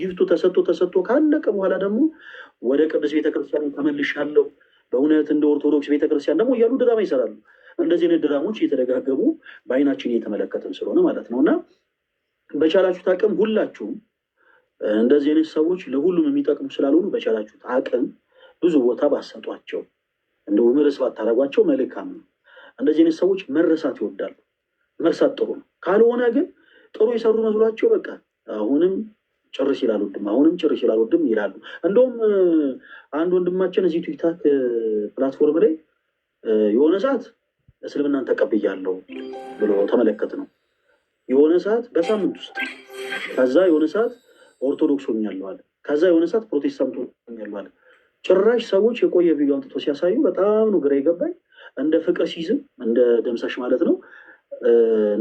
ጊፍቱ ተሰጥቶ ተሰጥቶ ካለቀ በኋላ ደግሞ ወደ ቅዱስ ቤተክርስቲያን ተመልሻለሁ በእውነት እንደ ኦርቶዶክስ ቤተክርስቲያን ደግሞ እያሉ ድራማ ይሰራሉ። እንደዚህ አይነት ድራሞች እየተደጋገሙ በአይናችን እየተመለከትን ስለሆነ ማለት ነው እና በቻላችሁት አቅም ሁላችሁም እንደዚህ አይነት ሰዎች ለሁሉም የሚጠቅሙ ስላልሆኑ በቻላችሁት አቅም ብዙ ቦታ ባሰጧቸው እንደ ምርስ ባታረጓቸው መልካም ነው። እንደዚህ አይነት ሰዎች መረሳት ይወዳሉ። መርሳት ጥሩ ነው። ካልሆነ ግን ጥሩ የሰሩ መስሏቸው በቃ አሁንም ጭርስ ይላል ወድም አሁንም ጭርስ ይላል ወድም ይላሉ። እንደውም አንድ ወንድማችን እዚህ ቲክታክ ፕላትፎርም ላይ የሆነ ሰዓት እስልምናን ተቀብያለሁ ብሎ ተመለከት ነው። የሆነ ሰዓት በሳምንት ውስጥ ከዛ የሆነ ሰዓት ኦርቶዶክስ ሆኛለዋል፣ ከዛ የሆነ ሰዓት ፕሮቴስታንት ሆኛለዋል። ጭራሽ ሰዎች የቆየ ቪዲዮ አንጥቶ ሲያሳዩ በጣም ነው ግራ የገባኝ። እንደ ፍቅር ሲዝም እንደ ደምሳሽ ማለት ነው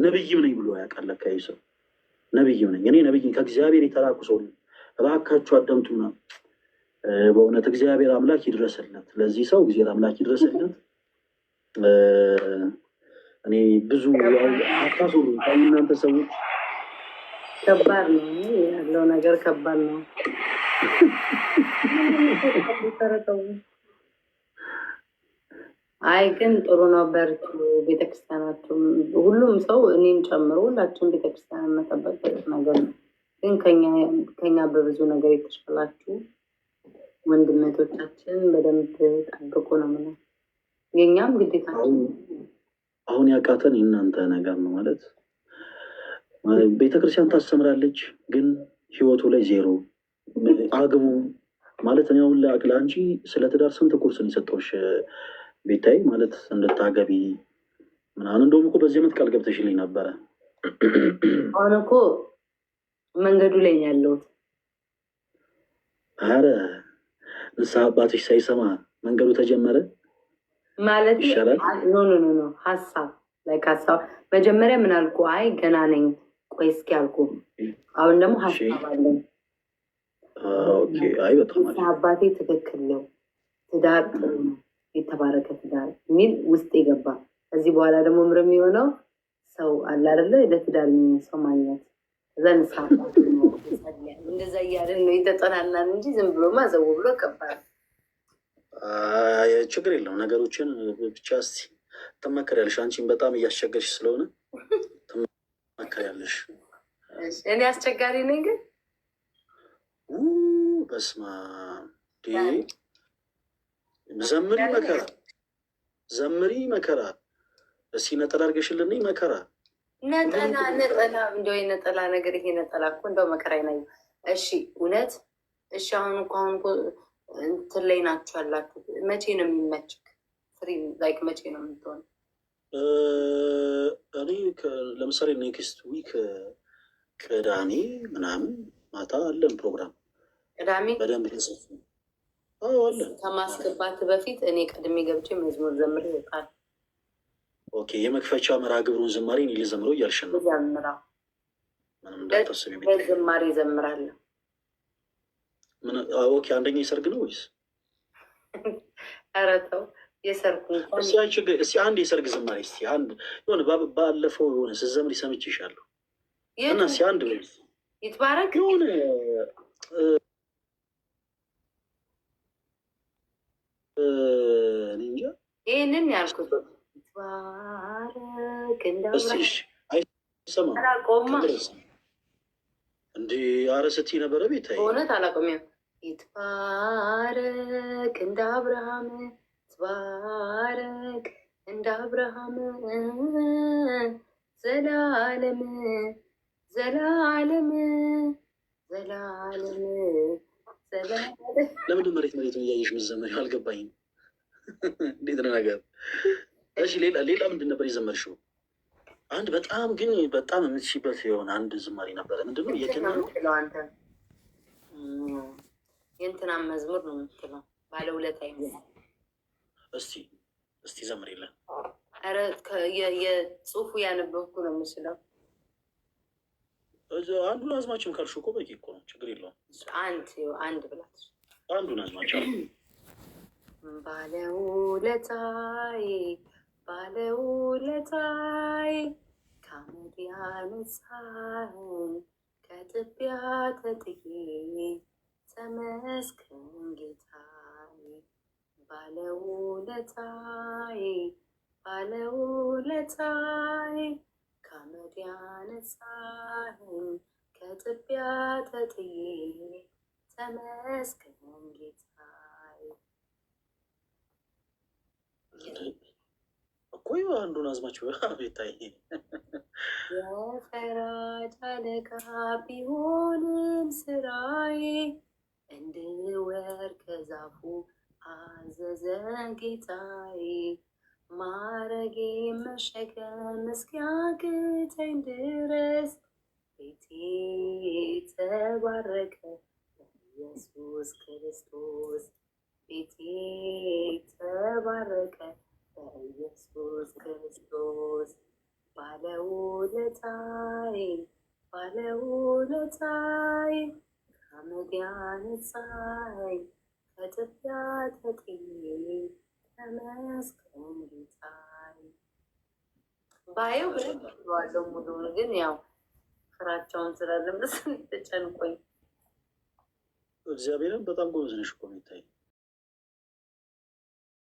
ነብይም ነኝ ብሎ ያውቃል ሰው ነብይ ነኝ እኔ ነብይ ከእግዚአብሔር የተላኩ ሰው ነኝ። እባካችሁ አዳምጡና በእውነት እግዚአብሔር አምላክ ይድረስለት፣ ለዚህ ሰው እግዚአብሔር አምላክ ይድረስለት። እኔ ብዙ አታስሩ እናንተ ሰዎች፣ ከባድ ነው ያለው ነገር ከባድ ነው። አይ ግን ጥሩ ነው። በርቱ። ቤተክርስቲያናችን ሁሉም ሰው እኔም ጨምሮ ሁላችን ቤተክርስቲያን መጠበቅ ነገር ነው። ግን ከኛ በብዙ ነገር የተሻላችሁ ወንድመቶቻችን በደንብ ጠብቁ ነው ምነ የኛም ግዴታችን። አሁን ያቃተን የእናንተ ነገር ነው ማለት ቤተክርስቲያን ታስተምራለች፣ ግን ህይወቱ ላይ ዜሮ አግቡ ማለት እኔ አሁን ለአንቺ ስለ ትዳር ስንት ኮርስ ነው የሰጠሁሽ? ቤታይ ማለት እንድታገቢ ምናምን እንደውም እኮ በዚህ ዓመት ቃል ገብተሽልኝ ነበረ። አሁን እኮ መንገዱ ላይ ያለሁት። አረ ንስሐ አባትሽ ሳይሰማ መንገዱ ተጀመረ ማለት ይሻላል። ኖ ኖ ሀሳብ ላይ ሀሳብ መጀመሪያ ምን አልኩ? አይ ገና ነኝ፣ ቆይ እስኪ አልኩ። አሁን ደግሞ ሀሳብ አለን። አይ በጣም አባቴ ትክክል ነው፣ ትዳር ነው የተባረከ ትዳር የሚል ውስጥ የገባ ከዚህ በኋላ ደግሞ ምር የሚሆነው ሰው አለ አይደለ ለትዳር የሚሆን ሰው ማግኘት ዘንሳ እንደዛ እያለን ነው የተጠናናን እንጂ ዝም ብሎ ማዘው ብሎ ከባድ ችግር የለው። ነገሮችን ብቻ እስኪ ትመከሪያለሽ። አንቺን በጣም እያስቸገርሽ ስለሆነ ትመከሪያለሽ። እኔ አስቸጋሪ ነኝ ግን በስማ ዘምሪ መከራ፣ ዘምሪ መከራ። እስኪ ነጠላ አድርገሽልን መከራ፣ ነጠላ ነጠላ፣ እንደው የነጠላ ነገር ይሄ ነጠላ እኮ እንደው መከራ ይናዩ። እሺ እውነት እሺ። አሁን እኮ አሁን እኮ እንትን ላይ ናችሁ ያላችሁ። መቼ ነው የሚመችክ ፍሪ ላይክ? መቼ ነው የምትሆን? እኔ ለምሳሌ ኔክስት ዊክ ቅዳሜ ምናምን ማታ አለን ፕሮግራም ቅዳሜ በደንብ ተጽፉ ከማስገባት በፊት እኔ ቀድሜ ገብቼ መዝሙር ዘምር ይወጣል። ኦኬ፣ የመክፈቻ መርሃ ግብሩን ዝማሬ እኔ ልዘምረው እያልሽ ነው? ዘምራ ዝማሬ ዘምራለሁ። ኦኬ፣ አንደኛ የሰርግ ነው ወይስ? ኧረ ተው የሰርጉ እስኪ አንድ የሰርግ ዝማሬ እስኪ አንድ የሆነ ባለፈው የሆነ ስዘምር ሰምቼሻለሁ እና እስኪ አንድ ይትባረክ የሆነ ይሄንን ያልኩት ባረክ እንዳቆማ አረስቲ ነበረ ቤት እውነት አላቆሚያ ይትባረክ እንደ አብርሃም ትባረክ እንደ አብርሃም ዘላለም ዘላለም ዘላለም ዘላለም። ለምንድን መሬት መሬቱን እያየሽ ምዘመሪው አልገባኝም። እንዴት ነው ነገር? እሺ ሌላ ሌላ ምንድን ነበር የዘመርሽው? አንድ በጣም ግን በጣም የምትሽበት የሆነ አንድ ዝማሪ ነበረ። ምንድን ነው የምትለው መዝሙር ነው የምትለው ባለ ሁለት አይ እስቲ እስቲ ዘምር የለን። የጽሁፉ ያነበብኩ ነው የምችለው። አንዱን አዝማችን ካልሽ እኮ በቂ እኮ ነው፣ ችግር የለውም። አንድ አንድ ብላት አንዱን አዝማችን ባለውለታዬ ባለውለታዬ ከአመድ ያነሳኸኝ ከጥቢያ ተጥዬ ተመስገን ጌታዬ ባለውለታዬ ባለውለታዬ ከአመድ ያነሳኸኝ ከጥቢያ ተጥዬ ተመስገን ጌታዬ እኮ አንዱን አዝማች ቤታይ የፈራጅ አለቃ ቢሆንም ስራዬ እንድወርድ ከዛፉ አዘዘ ጌታዬ ማረጌ መሸከም እስኪያቅተኝ ድረስ ቤቴ የተባረከ ኢየሱስ ክርስቶስ ቤቴ ተባረከ በኢየሱስ ክርስቶስ ባለውለታዬ ባለውለታዬ ከመግቢያ ነፃዬ ከጥፊያ ተጥዬ ተመስገን ጌታዬ። ባየው ብለዋለው ሙሉውን ግን ያው ፍራቸውን ስላለምስ ተጨንቆኝ እግዚአብሔርን በጣም ጎበዝ ነሽ እኮ ነው